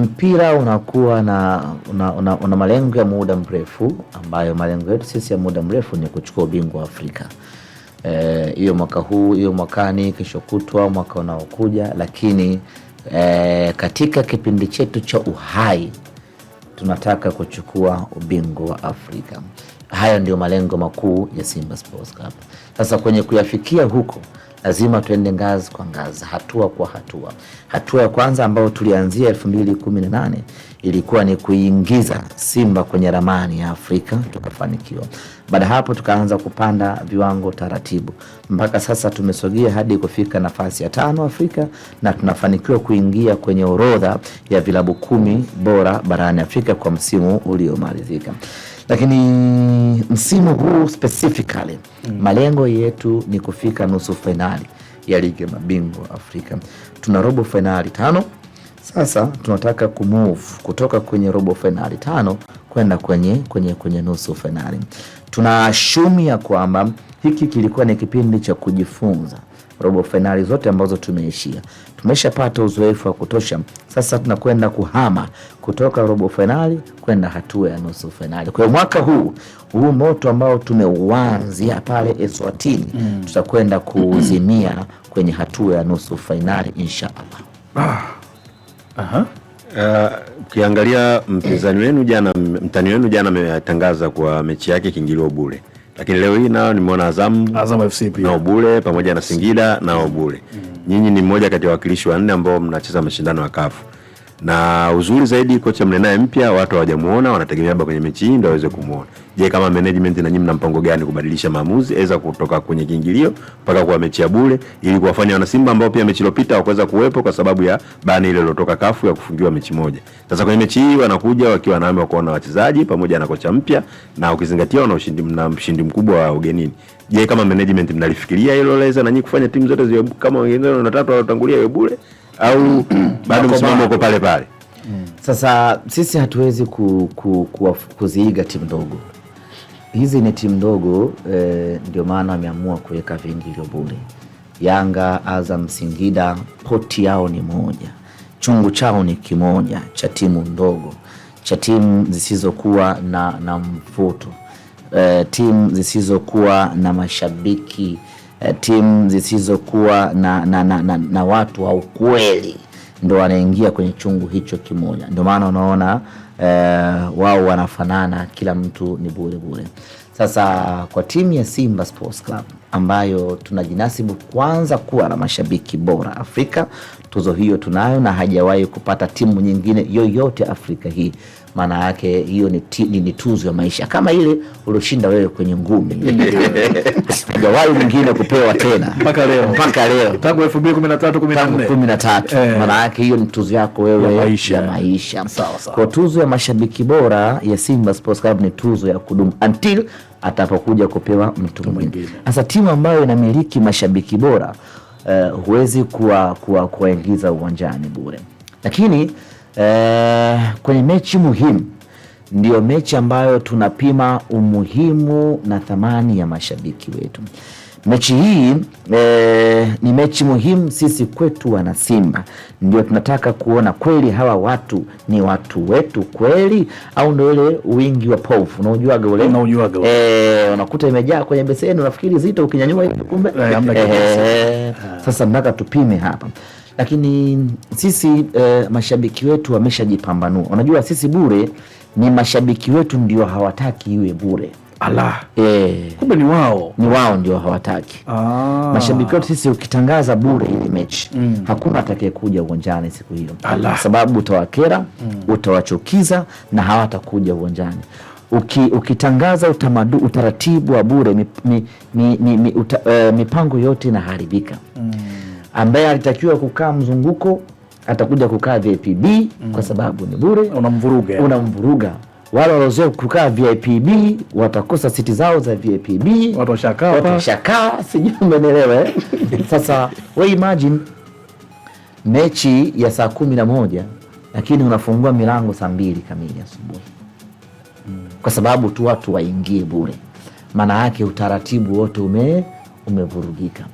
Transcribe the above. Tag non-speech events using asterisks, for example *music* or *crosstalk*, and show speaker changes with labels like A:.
A: mpira unakuwa na una, una, una malengo ya muda mrefu ambayo malengo yetu sisi ya muda mrefu ni kuchukua ubingwa wa Afrika eh, hiyo, e, mwaka huu, hiyo mwakani, kesho kutwa, mwaka unaokuja, lakini e, katika kipindi chetu cha uhai tunataka kuchukua ubingwa wa Afrika. Hayo ndio malengo makuu ya Simba Sports Club. Sasa kwenye kuyafikia huko, lazima tuende ngazi kwa ngazi, hatua kwa hatua. Hatua ya kwanza ambayo tulianzia 2018 ilikuwa ni kuingiza Simba kwenye ramani ya Afrika, tukafanikiwa. Baada hapo, tukaanza kupanda viwango taratibu, mpaka sasa tumesogea hadi kufika nafasi ya tano Afrika, na tunafanikiwa kuingia kwenye orodha ya vilabu kumi bora barani Afrika kwa msimu uliomalizika. Lakini msimu huu specifically mm. malengo yetu ni kufika nusu fainali ya ligi ya mabingwa Afrika. Tuna robo fainali tano sasa, tunataka kumove kutoka kwenye robo fainali tano kwenda kwenye, kwenye, kwenye nusu fainali. Tunaashumia kwamba hiki kilikuwa ni kipindi cha kujifunza robo fainali zote ambazo tumeishia. Tumeshapata uzoefu wa kutosha, sasa tunakwenda kuhama kutoka robo fainali kwenda hatua ya nusu fainali. Kwa hiyo mwaka huu huu moto ambao tumeuanzia pale Eswatini mm. tutakwenda kuuzimia kwenye hatua ya nusu fainali insha Allah.
B: ah. Eh, ukiangalia uh, mpinzani wenu jana, mtani wenu jana ametangaza kwa mechi yake kiingilio bure lakini leo hii nao nimeona Azam, Azam FC pia nao bure, pamoja na Singida nao bure. Mm. Nyinyi ni mmoja kati ya wawakilishi wanne ambao mnacheza mashindano ya kafu na uzuri zaidi kocha mnenaye mpya watu hawajamuona, wanategemea labda kwenye mechi hii ndio waweze kumuona. Je, kama management na nyinyi mna mpango gani kubadilisha maamuzi aweza kutoka kwenye kiingilio mpaka kwa mechi ya bure ili kuwafanya wana Simba ambao pia mechi iliyopita hawakuweza kuwepo kwa sababu ya bani ile iliyotoka kafu ya kufungiwa mechi moja. Sasa kwenye mechi hii wanakuja wakiwa na hamu kuona wachezaji pamoja na kocha mpya na ukizingatia wana ushindi na mshindi mkubwa wa ugenini. Je, kama management mnalifikiria hilo laweza na nyinyi kufanya timu zote ziwe kama wengine na tatu walotangulia iwe bure? au mm. *clears throat* bado msimamo uko pale pale?
A: Hmm. Sasa sisi hatuwezi ku, ku, ku, kuziiga timu ndogo hizi, ni timu ndogo eh, ndio maana wameamua kuweka viingilio bure. Yanga, Azam, Singida, poti yao ni moja, chungu chao ni kimoja cha timu ndogo, cha timu zisizokuwa na, na mvuto eh, timu zisizokuwa na mashabiki Eh, timu zisizokuwa na, na, na, na, na watu wa ukweli ndo wanaingia kwenye chungu hicho kimoja. Ndio maana unaona eh, wao wanafanana, kila mtu ni bure bure. Sasa kwa timu ya Simba Sports Club ambayo tunajinasibu kwanza kuwa na mashabiki bora Afrika. Tuzo hiyo tunayo na hajawahi kupata timu nyingine yoyote Afrika hii. Maana yake hiyo ni, ni, tuzo ya maisha kama ile ulioshinda wewe kwenye ngumi *laughs* hajawahi mwingine kupewa tena mpaka leo, mpaka leo
B: tangu 2013
A: eh. Maana yake hiyo ni tuzo yako wewe ya maisha, ya maisha. Sawa sawa. Kwa tuzo ya mashabiki bora ya Simba Sports Club ni tuzo ya kudumu until atapokuja kupewa mtu mwingine. Sasa timu ambayo inamiliki mashabiki bora uh, huwezi kuwaingiza kuwa uwanjani bure, lakini uh, kwenye mechi muhimu ndio mechi ambayo tunapima umuhimu na thamani ya mashabiki wetu. Mechi hii e, ni mechi muhimu sisi kwetu Wanasimba, ndio tunataka kuona kweli hawa watu ni watu wetu kweli, au ndo ile wingi wa povu unaujuaga ule, unaujuaga mm, ule eh, unakuta imejaa kwenye beseni, unafikiri zito, ukinyanyua kumbe
B: eh, eh,
A: Sasa mpaka tupime hapa lakini sisi e, mashabiki wetu wameshajipambanua. Unajua sisi bure ni mashabiki wetu ndio hawataki iwe bure. Allah. Eh.
B: Kumbe ni wao.
A: Ni wao ndio hawataki.
B: Ah.
A: Mashabiki wetu sisi ukitangaza bure ile mechi, mm. hakuna atakayekuja uwanjani siku hiyo. Kwa sababu utawakera, mm. utawachukiza na hawatakuja uwanjani. Uki, ukitangaza utamadu, utaratibu wa bure mi, mi, mi, mi, uta, uh, mipango yote inaharibika. Mm. Ambaye alitakiwa kukaa mzunguko atakuja kukaa VIP B mm. kwa sababu ni bure,
B: unamvuruga
A: unamvuruga wale waliozoea kukaa VIP B watakosa siti zao za VIP B, watashakaa watashakaa, *laughs* sijui umenielewa. Eh? *laughs* Sasa we imagine mechi ya saa kumi na moja lakini unafungua milango saa mbili kamili asubuhi kwa sababu tu watu waingie bure, maana yake utaratibu wote ume umevurugika.